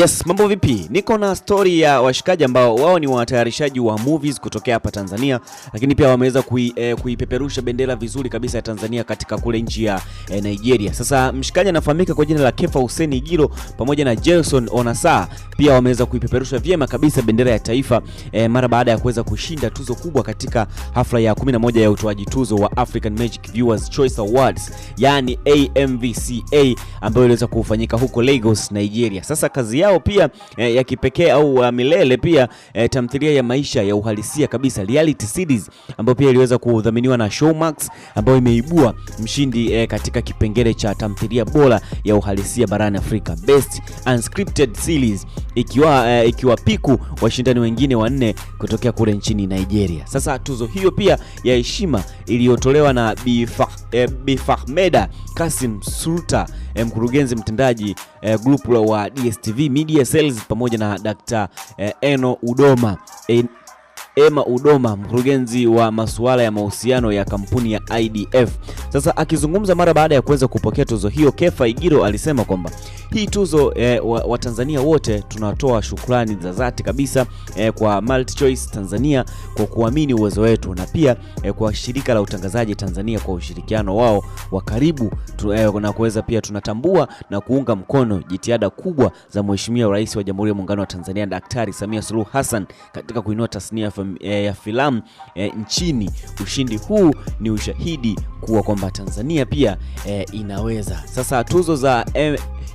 Yes, mambo vipi? Niko na stori ya washikaji ambao wao ni watayarishaji wa movies kutokea hapa Tanzania, lakini pia wameweza kui, e, kuipeperusha bendera vizuri kabisa ya Tanzania katika kule nchi ya e, Nigeria. Sasa mshikaji anafahamika kwa jina la Kefa Hussein Giro pamoja na Jason Onasa, pia wameweza kuipeperusha vyema kabisa bendera ya taifa e, mara baada ya kuweza kushinda tuzo kubwa katika hafla ya 11 ya utoaji tuzo wa African Magic Viewers Choice Awards, yani AMVCA ambayo iliweza kufanyika huko Lagos, Nigeria. Sasa kazi yao yao pia e, ya kipekee au uh, milele pia e, tamthilia ya maisha ya uhalisia kabisa reality series ambayo pia iliweza kudhaminiwa na Showmax ambayo imeibua mshindi e, katika kipengele cha tamthilia bora ya uhalisia barani Afrika best unscripted series ikiwa e, ikiwa piku washindani wengine wanne kutokea kule nchini Nigeria. Sasa tuzo hiyo pia ya heshima iliyotolewa na Bifahmeda eh, Kasim Sultan eh, mkurugenzi mtendaji eh, grupu wa DSTV Media Sales pamoja na Dr. eh, Eno Udoma eh, Emma Udoma mkurugenzi wa masuala ya mahusiano ya kampuni ya IDF sasa akizungumza mara baada ya kuweza kupokea tuzo hiyo, Kefa Igiro alisema kwamba hii tuzo eh, Watanzania wa wote tunatoa shukrani za dhati kabisa eh, kwa MultiChoice Tanzania kwa kuamini uwezo wetu na pia eh, kwa shirika la utangazaji Tanzania kwa ushirikiano wao wa karibu tu, eh, na kuweza pia tunatambua na kuunga mkono jitihada kubwa za Mheshimiwa Rais wa Jamhuri ya Muungano wa Tanzania Daktari Samia Suluhu Hassan katika kuinua tasnia ya eh, filamu eh, nchini. Ushindi huu ni ushahidi kuwa kwa kwamba Tanzania pia e, inaweza. Sasa tuzo za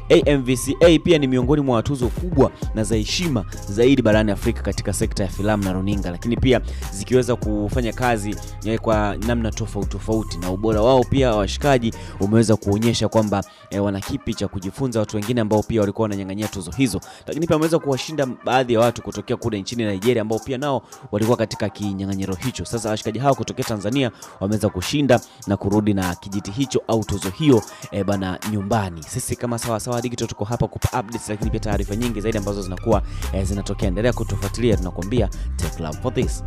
AMVCA pia ni miongoni mwa tuzo kubwa na za heshima zaidi barani Afrika katika sekta ya filamu na runinga, lakini pia zikiweza kufanya kazi kwa namna tofauti tofauti, na ubora wao pia washikaji umeweza kuonyesha kwamba e, wana kipi cha kujifunza watu wengine ambao pia walikuwa wananyang'anyia tuzo hizo, lakini pia wameweza kuwashinda baadhi ya watu kutokea kule nchini Nigeria ambao pia nao walikuwa katika kinyang'anyiro hicho. Sasa washikaji hao kutokea Tanzania wameweza kushinda na kurudi na kijiti hicho au tuzo hiyo e, bana nyumbani. Sisi kama sawa sawa Mtandao Digital tuko hapa kupa updates, lakini pia taarifa nyingi zaidi ambazo zinakuwa eh, zinatokea. Endelea kutufuatilia, tunakwambia take love for this.